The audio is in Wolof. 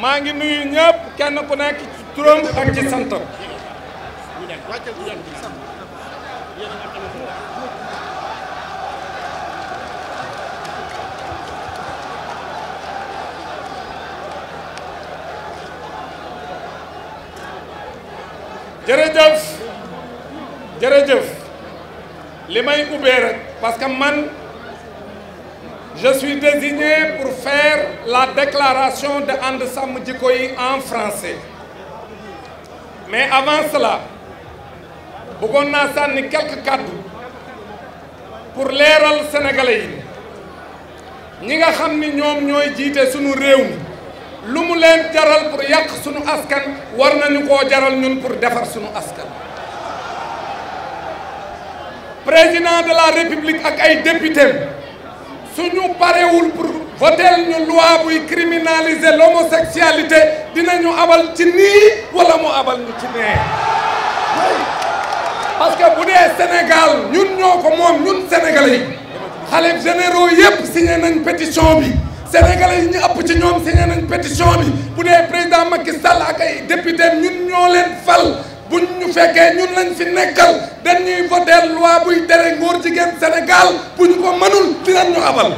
maa ngi nuyu ñëpp kenn ku nekk ci turam ak ci santam jërëjëf jërëjëf li may ubbee rek parce que man Je suis désigné pour faire la déclaration de ànd sàmm Sam Djikoyi en français. Mais avant la bëggoon naa sànni quelques kàddu pour leeral sénégalais yi ñi nga xam ni ñoom ñooy jiite sunu réew mi lu mu leen jaral pour yàq sunu askan war nañu koo jaral ñun pour defar sunu askan. président de la république ak ay députés suñu parewul pour voter ñu loi buy criminaliser l'homosexualité dinañu abal ci nii wala mu abal ñu ci nee parce que bu dee Sénégal ñun ñoo ko moom ñun sénégalais yi xalif généraux yëpp signé nañ pétition bi sénégalais yi ñu ëpp ci ñoom signé nañ pétition bi bu dee président Macky Sall ak ay ñun ñoo leen fal fekkee ñun lañ fi nekkal dañuy voter loi buy tere ngóor jigéen Sénégal bu ñu ko mënul dinañ ñu abal